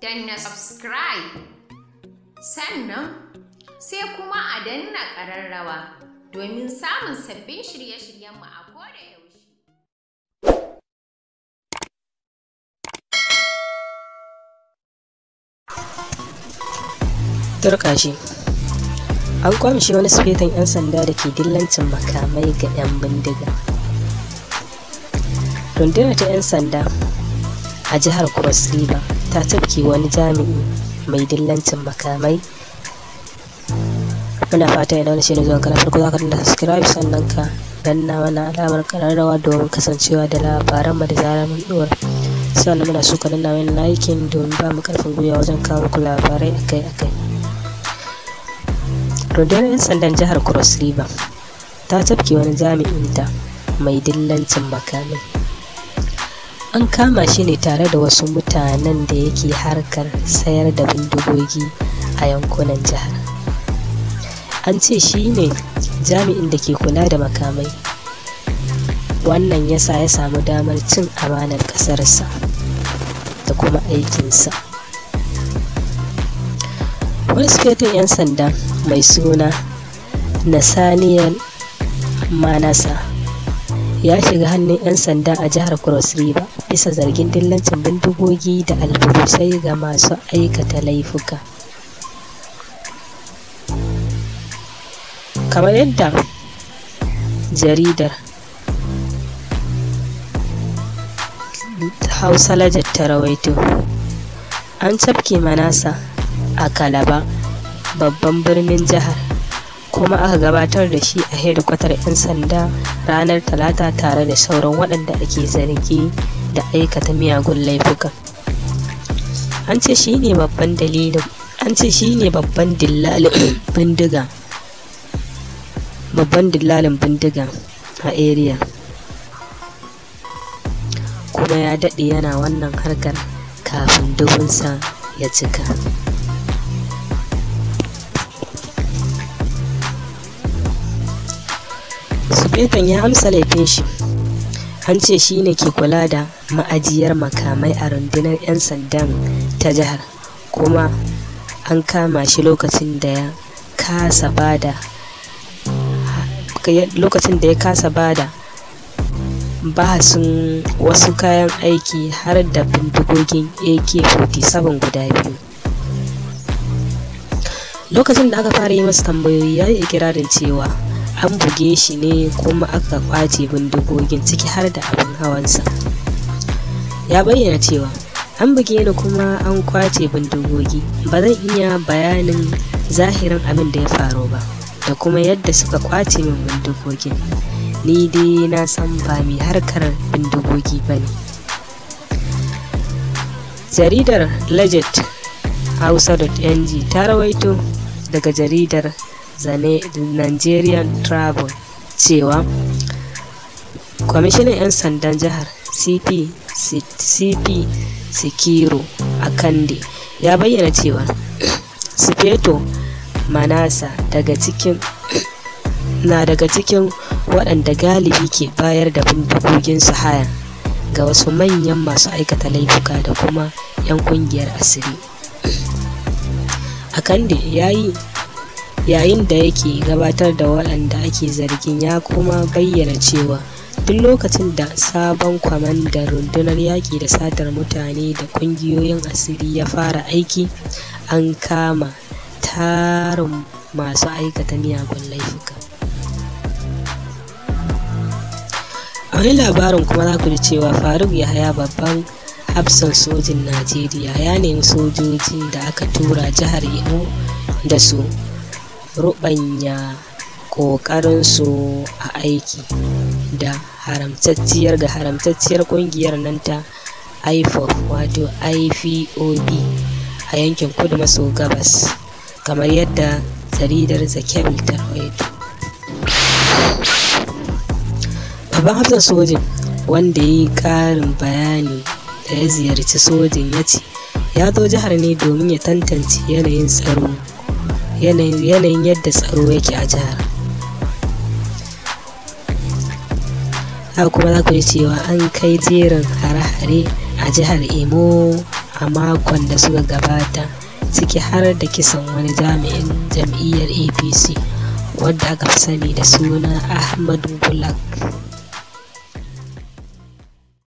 danna subscribe sannan sai kuma a danna ƙararrawa domin samun sabbin shirye-shiryenmu a koda yaushe. An kwamshi wani sufetan 'yan sanda da ke dillancin makamai ga 'yan bindiga. Rundunar ta 'yan sanda a jihar Cross River ta tafki wani jami'i mai dillancin makamai muna fata yana wani shine zuwan ka farko za ka subscribe sannan ka danna mana alamar kararrawa domin kasancewa da labaran mu da zarar mun dora sannan muna so ka danna mana likin domin ba mu karfin gwiwa wajen kawo ku labarai akai-akai rundunar 'yan sandan jihar cross river ta tafki wani jami'in ta mai dillancin makamai an kama shi ne tare da wasu mutanen da yake harkar sayar da bindigogi a yankunan jihar an ce shi ne jami'in da ke kula da makamai wannan yasa ya samu damar cin amanar ƙasarsa da kuma aikinsa wani sufetin 'yan sanda mai suna nasaniyar manasa ya shiga hannun 'yan sanda a jihar Cross River bisa zargin dillancin bindigogi da alburusai ga masu aikata laifuka. Kamar yadda jaridar Hausa Lajar ta rawaito, an cafke manasa a Kalaba, babban birnin jihar. kuma aka gabatar da shi a hedikwatar 'yan sanda ranar talata tare da sauran waɗanda ake zargi da aikata miyagun laifuka an ce shi ne babban dalilin bindiga babban dillalin bindiga a area kuma ya daɗe yana wannan harkar kafin dubunsa ya cika afirkan ya amsa laifin shi an ce shi ne ke kula da ma'ajiyar makamai a rundunar 'yan sandan ta jihar kuma an kama shi lokacin da ya kasa bada lokacin da ya kasa bada bahasin wasu kayan aiki har da bindigogin ak-47 guda biyu lokacin da aka fara yi masa tambayoyi ya yi ikirarin cewa an buge shi ne kuma aka kwace bindigogin ciki har da abin hawansa ya bayyana cewa an buge ni kuma an kwace bindigogi ba zan iya bayanin zahirin abin da ya faru ba da kuma yadda suka kwace min bindigogin ni dai na san ba mai harkar bindigogi ba ne jaridar legit hausa.ng ta rawaito daga jaridar the nigerian travel cewa kwamishinan 'yan sandan jihar cp cp sikiro akande ya bayyana cewa sufeto manasa daga cikin na daga cikin waɗanda galibi ke bayar da su haya ga wasu manyan masu aikata laifuka da kuma 'yan kungiyar asiri akande ya yi yayin da yake gabatar da waɗanda ake zargin ya kuma bayyana cewa duk lokacin da sabon kwamandan rundunar yaƙi da satar mutane da ƙungiyoyin asiri ya fara aiki an kama tarin masu aikata miyagun laifuka a wani labarin kuma za ku ji cewa faruk yahaya babban hafsan sojin najeriya ya nemi sojojin da aka tura jihar imo da su ruɓanya ƙoƙarinsu a aiki da haramtacciyar da haramtacciyar ƙungiyar nan ta ipob wato ipob a yankin kudu maso gabas kamar yadda jaridar zakebil ta rawaito babban hafsan sojin wanda ya yi ƙarin bayani da ya ziyarci sojin ya ce ya zo jihar ne domin ya tantance yanayin tsaro yanayin yadda tsaro yake a jihar haka kuma za ku ji cewa an kai jerin hare-hare a jihar imo a makon da suka gabata ciki har da kisan wani jami'in jam'iyyar apc wadda aka fi sani da suna ahmadu bulak.